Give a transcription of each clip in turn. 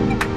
Thank you.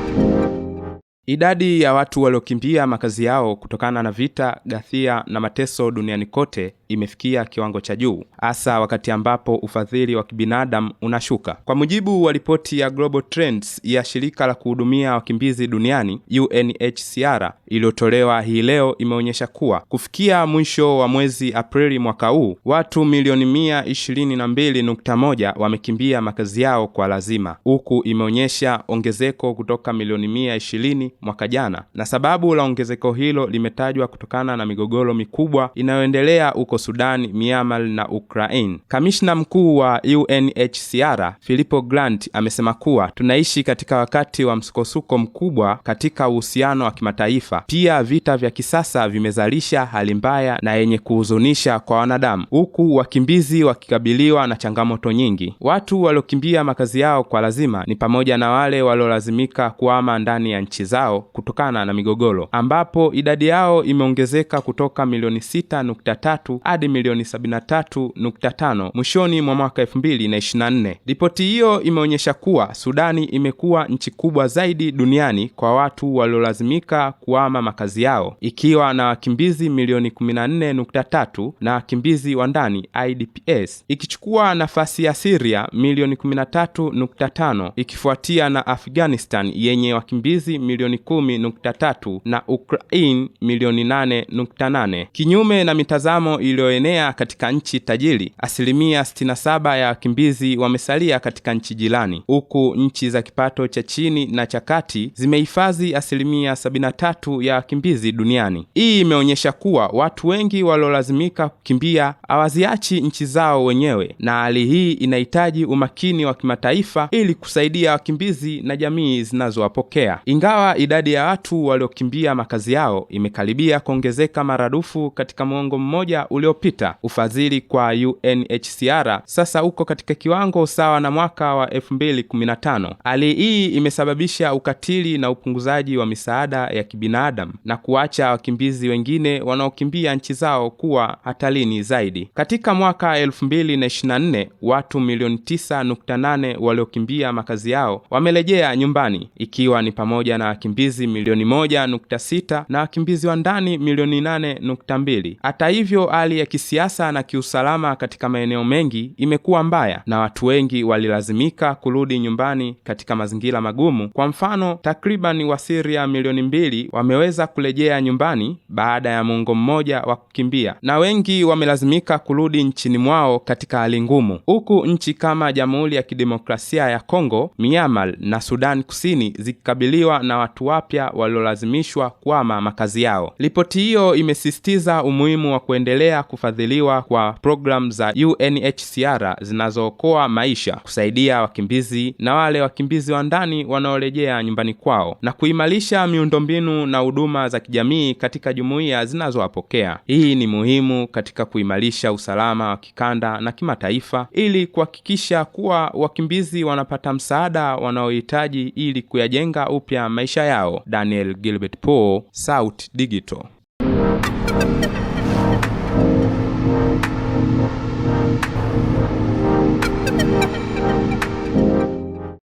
Idadi ya watu waliokimbia makazi yao kutokana na vita, ghasia na mateso duniani kote imefikia kiwango cha juu, hasa wakati ambapo ufadhili wa kibinadamu unashuka. Kwa mujibu wa ripoti ya Global Trends ya shirika la kuhudumia wakimbizi duniani UNHCR iliyotolewa hii leo, imeonyesha kuwa kufikia mwisho wa mwezi Aprili mwaka huu, watu milioni mia ishirini na mbili nukta moja wamekimbia makazi yao kwa lazima, huku imeonyesha ongezeko kutoka milioni mia ishirini mwaka jana, na sababu la ongezeko hilo limetajwa kutokana na migogoro mikubwa inayoendelea huko Sudan, Myanmar na Ukraine. Kamishna mkuu wa UNHCR Filippo grant amesema kuwa tunaishi katika wakati wa msukosuko mkubwa katika uhusiano wa kimataifa. Pia vita vya kisasa vimezalisha hali mbaya na yenye kuhuzunisha kwa wanadamu, huku wakimbizi wakikabiliwa na changamoto nyingi. Watu waliokimbia makazi yao kwa lazima ni pamoja na wale waliolazimika kuama ndani ya nchi zao zao kutokana na migogoro, ambapo idadi yao imeongezeka kutoka milioni 6.3 hadi milioni 73.5 mwishoni mwa mwaka 2024. Ripoti hiyo imeonyesha kuwa Sudani imekuwa nchi kubwa zaidi duniani kwa watu waliolazimika kuama makazi yao, ikiwa na wakimbizi milioni 14.3 na wakimbizi wa ndani IDPs, ikichukua nafasi ya siria milioni 13.5, ikifuatia na Afghanistan yenye wakimbizi milioni kumi nukta tatu na Ukraine milioni nane nukta nane. Kinyume na mitazamo iliyoenea katika nchi tajiri, asilimia 67 ya wakimbizi wamesalia katika nchi jirani, huku nchi za kipato cha chini na cha kati zimehifadhi asilimia 73 ya wakimbizi duniani. Hii imeonyesha kuwa watu wengi waliolazimika kukimbia hawaziachi nchi zao wenyewe, na hali hii inahitaji umakini wa kimataifa ili kusaidia wakimbizi na jamii zinazowapokea. Ingawa idadi ya watu waliokimbia makazi yao imekaribia kuongezeka maradufu katika mwongo mmoja uliopita. Ufadhili kwa UNHCR sasa uko katika kiwango sawa na mwaka wa 2015. Hali hii imesababisha ukatili na upunguzaji wa misaada ya kibinadamu na kuacha wakimbizi wengine wanaokimbia nchi zao kuwa hatalini zaidi. Katika mwaka 224 watu milioni 9.8 waliokimbia makazi yao wamelejea nyumbani ikiwa ni pamoja na wakimbizi wakimbizi milioni moja nukta sita na wakimbizi wa ndani milioni nane nukta mbili. Hata hivyo, hali ya kisiasa na kiusalama katika maeneo mengi imekuwa mbaya na watu wengi walilazimika kurudi nyumbani katika mazingira magumu. Kwa mfano, takribani Wasiria milioni mbili wameweza kurejea nyumbani baada ya muongo mmoja wa kukimbia, na wengi wamelazimika kurudi nchini mwao katika hali ngumu, huku nchi kama Jamhuri ya Kidemokrasia ya Kongo, Myanmar na Sudan Kusini zikikabiliwa na watu watu wapya waliolazimishwa kuama makazi yao. Ripoti hiyo imesisitiza umuhimu wa kuendelea kufadhiliwa kwa programu za UNHCR zinazookoa maisha, kusaidia wakimbizi na wale wakimbizi wa ndani wanaorejea nyumbani kwao na kuimarisha miundombinu na huduma za kijamii katika jumuiya zinazowapokea. Hii ni muhimu katika kuimarisha usalama wa kikanda na kimataifa ili kuhakikisha kuwa wakimbizi wanapata msaada wanaohitaji ili kuyajenga upya maisha yao yao Daniel Gilbert poe south Digital.